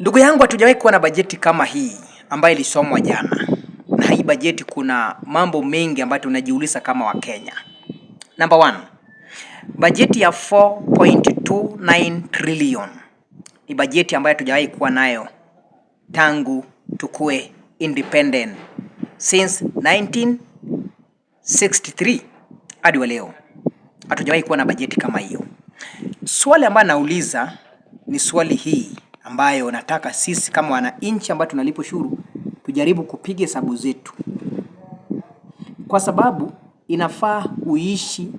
Ndugu yangu, hatujawahi kuwa na bajeti kama hii ambayo ilisomwa jana, na hii bajeti kuna mambo mengi ambayo tunajiuliza kama Wakenya. Number one, bajeti ya 4.29 trillion ni bajeti ambayo hatujawahi kuwa nayo tangu tukue independent since 1963 hadi leo, hatujawahi kuwa na bajeti kama hiyo. Swali ambayo nauliza ni swali hii ambayo nataka sisi kama wananchi ambao tunalipa ushuru tujaribu kupiga hesabu zetu, kwa sababu inafaa uishi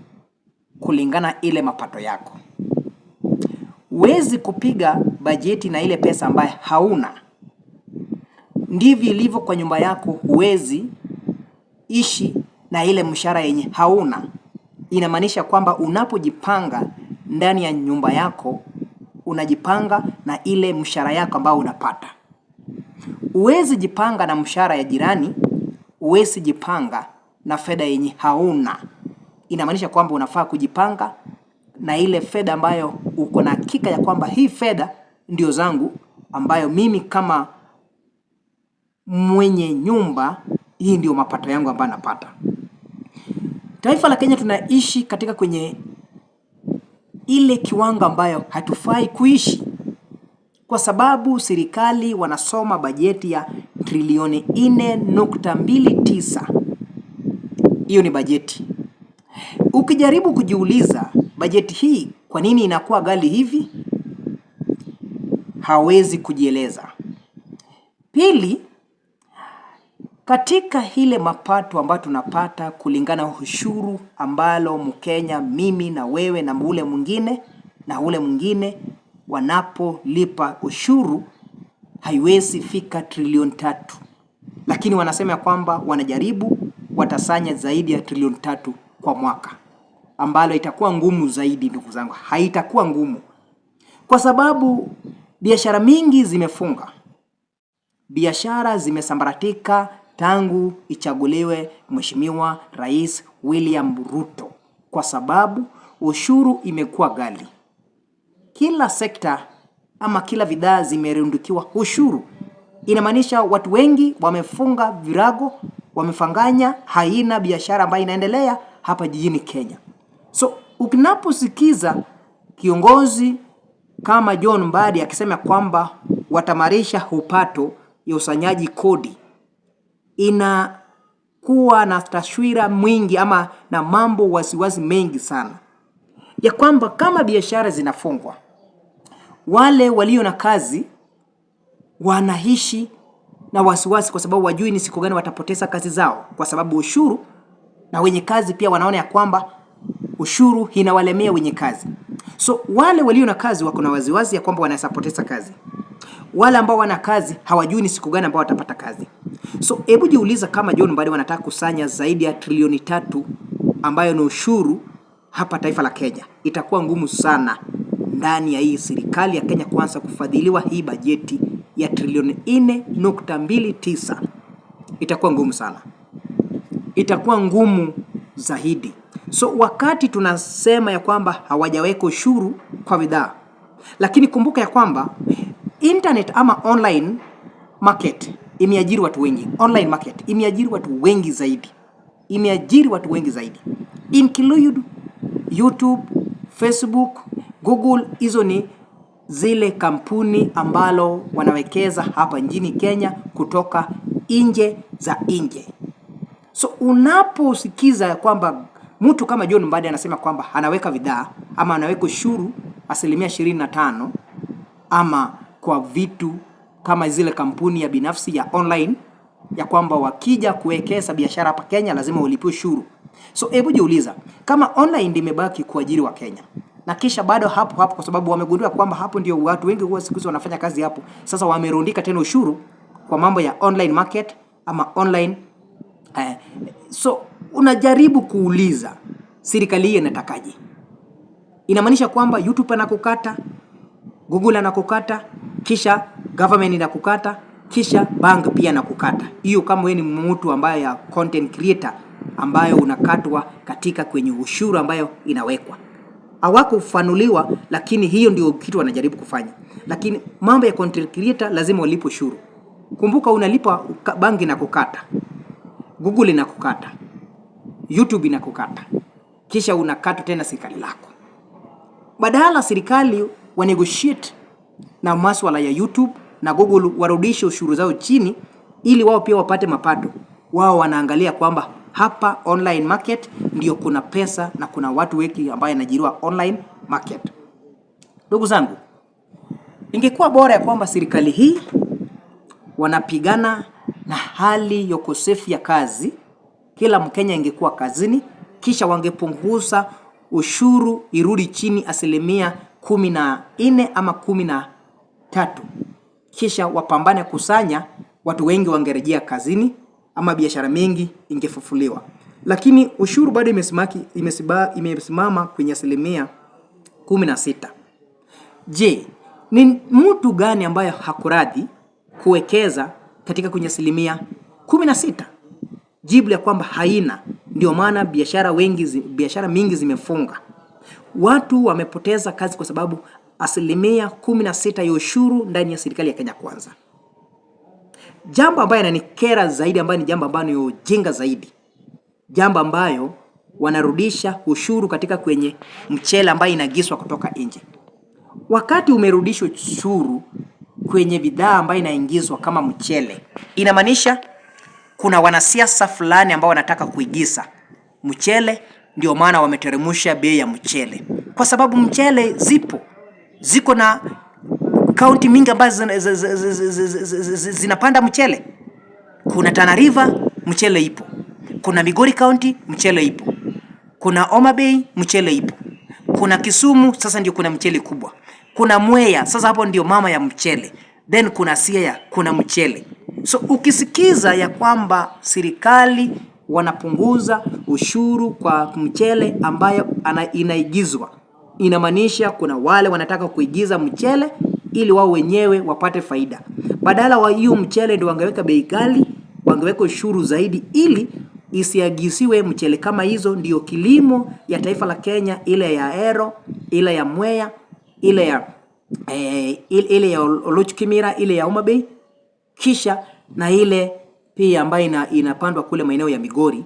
kulingana ile mapato yako. Huwezi kupiga bajeti na ile pesa ambayo hauna. Ndivyo ilivyo kwa nyumba yako, huwezi ishi na ile mshahara yenye hauna. Inamaanisha kwamba unapojipanga ndani ya nyumba yako unajipanga na ile mshahara yako ambao unapata. Huwezi jipanga na mshahara ya jirani, huwezi jipanga na fedha yenye hauna. Inamaanisha kwamba unafaa kujipanga na ile fedha ambayo uko na hakika ya kwamba hii fedha ndio zangu, ambayo mimi kama mwenye nyumba, hii ndio mapato yangu ambayo napata. Taifa la Kenya tunaishi katika kwenye ile kiwango ambayo hatufai kuishi, kwa sababu serikali wanasoma bajeti ya trilioni 4.29. Hiyo ni bajeti. Ukijaribu kujiuliza bajeti hii kwa nini inakuwa ghali hivi, hawezi kujieleza. Pili, katika ile mapato ambayo tunapata kulingana ushuru ambalo Mkenya, mimi na wewe na ule mwingine na ule mwingine wanapolipa ushuru haiwezi fika trilioni tatu, lakini wanasema ya kwamba wanajaribu watasanya zaidi ya trilioni tatu kwa mwaka, ambalo itakuwa ngumu zaidi. Ndugu zangu, haitakuwa ngumu kwa sababu biashara mingi zimefunga, biashara zimesambaratika tangu ichaguliwe Mheshimiwa Rais William Ruto, kwa sababu ushuru imekuwa ghali. Kila sekta ama kila bidhaa zimerundukiwa ushuru. Inamaanisha watu wengi wamefunga virago, wamefanganya, haina biashara ambayo inaendelea hapa jijini Kenya. So ukinaposikiza kiongozi kama John Mbadi akisema kwamba watamarisha upato ya usanyaji kodi inakuwa na taswira mwingi ama na mambo wasiwasi wasi mengi sana, ya kwamba kama biashara zinafungwa, wale walio na kazi wanaishi na wasiwasi, kwa sababu wajui ni siku gani watapoteza kazi zao, kwa sababu ushuru. Na wenye kazi pia wanaona ya kwamba ushuru inawalemea wenye kazi, so wale walio na kazi wako na wasiwasi ya kwamba wanaweza poteza kazi wala ambao wana kazi hawajui ni siku gani ambao watapata kazi. So hebu jiuliza kama John Mbadi wanataka kusanya zaidi ya trilioni tatu ambayo ni ushuru hapa taifa la Kenya, itakuwa ngumu sana ndani ya hii serikali ya Kenya kuanza kufadhiliwa hii bajeti ya trilioni 4.29 itakuwa ngumu sana, itakuwa ngumu zaidi. So wakati tunasema ya kwamba hawajaweka ushuru kwa bidhaa, lakini kumbuka ya kwamba internet ama online market imeajiri watu wengi. Online market imeajiri watu wengi zaidi, imeajiri watu wengi zaidi include YouTube, Facebook, Google. Hizo ni zile kampuni ambalo wanawekeza hapa nchini Kenya kutoka nje za nje. So unaposikiza kwamba mtu kama John Mbadi anasema kwamba anaweka bidhaa ama anaweka ushuru asilimia 25 ama kwa vitu kama zile kampuni ya binafsi ya online ya kwamba wakija kuwekeza biashara hapa Kenya lazima ulipe ushuru. So hebu jiuliza, kama online imebaki kuajiri wa Kenya na kisha bado hapo hapo, kwa sababu wamegundua kwamba hapo ndio watu wengi huwa siku hizi wanafanya kazi hapo. Sasa wamerundika tena ushuru kwa mambo ya online market ama online eh. So unajaribu kuuliza serikali hii inatakaje? Inamaanisha kwamba YouTube anakukata Google anakukata, kisha government inakukata, kisha bank pia nakukata. Hiyo kama wewe ni mtu ambaye ya content creator ambayo unakatwa katika kwenye ushuru ambayo inawekwa. Hawakufanuliwa, lakini hiyo ndio kitu wanajaribu kufanya. Lakini mambo ya content creator lazima ulipe ushuru. Kumbuka unalipa bank inakukata. Google inakukata. YouTube inakukata. Kisha unakatwa tena serikali lako. Badala serikali wa negotiate na maswala ya YouTube na Google warudishe ushuru zao chini, ili wao pia wapate mapato. Wao wanaangalia kwamba hapa online market ndio kuna pesa na kuna watu wengi ambao anajiriwa online market. Ndugu zangu, ingekuwa bora ya kwamba serikali hii wanapigana na hali ya ukosefu ya kazi, kila Mkenya ingekuwa kazini, kisha wangepunguza ushuru irudi chini asilimia kumi na nne ama kumi na tatu kisha wapambane kusanya, watu wengi wangerejea kazini ama biashara mingi ingefufuliwa. Lakini ushuru bado imesimama kwenye asilimia kumi na sita. Je, ni mtu gani ambaye hakuradhi kuwekeza katika kwenye asilimia kumi na sita? Jibu ya kwamba haina. Ndio maana biashara wengi, biashara mingi zimefunga watu wamepoteza kazi kwa sababu asilimia sita ya ushuru ndani ya serikali ya Kenya Kwanza. Jambo ambayo inanikera zaidi, ambayo ni jambo ambayo ni ujinga zaidi, jambo ambayo wanarudisha ushuru katika kwenye mchele ambayo inagiswa kutoka nje, wakati umerudisha ushuru kwenye bidhaa ambayo inaingizwa kama mchele, inamaanisha kuna wanasiasa fulani ambao wanataka kuigiza mchele ndio maana wameteremsha bei ya mchele, kwa sababu mchele zipo ziko na kaunti mingi ambazo zinapanda mchele. Kuna Tana River mchele ipo, kuna Migori County mchele ipo, kuna Homa Bay mchele ipo, kuna Kisumu sasa ndio kuna mchele kubwa, kuna Mwea sasa hapo ndio mama ya mchele, then kuna Siaya kuna mchele. So ukisikiza ya kwamba serikali wanapunguza ushuru kwa mchele ambayo inaigizwa. Inamaanisha kuna wale wanataka kuigiza mchele ili wao wenyewe wapate faida. Badala wa hiyo mchele ndio wangeweka bei ghali, wangeweka ushuru zaidi ili isiagisiwe mchele kama hizo. Ndiyo kilimo ya taifa la Kenya, ile ya Ero, ile ya Mwea, ile ya eh, ile ya Oluchkimira, ile ya Homa Bay, kisha na ile pia ambayo ina, inapandwa kule maeneo ya Migori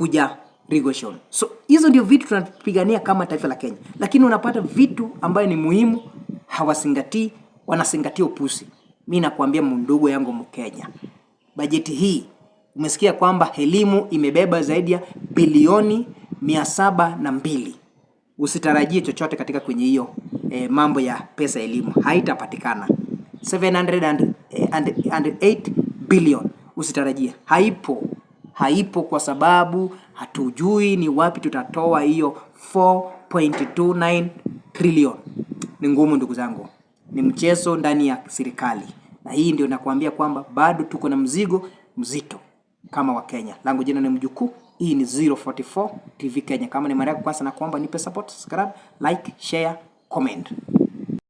kuja regulation. So hizo ndio vitu tunapigania kama taifa la Kenya, lakini unapata vitu ambayo ni muhimu hawasingatii, wanasingatia upusi. Mi nakuambia mundugu yangu Mkenya, bajeti hii umesikia kwamba elimu imebeba zaidi ya bilioni mia saba na mbili. Usitarajie chochote katika kwenye hiyo e, mambo ya pesa elimu haitapatikana 708 eh, bilion usitarajie, haipo haipo kwa sababu hatujui ni wapi tutatoa hiyo 4.29 trillion. Ni ngumu ndugu zangu, ni mchezo ndani ya serikali, na hii ndio nakwambia kwamba bado tuko na mzigo mzito kama wa kenya Langu jina ni Mjukuu. Hii ni 044 TV Kenya. Kama ni mara yako kwanza, na kuomba nipe support, subscribe, like, share, comment.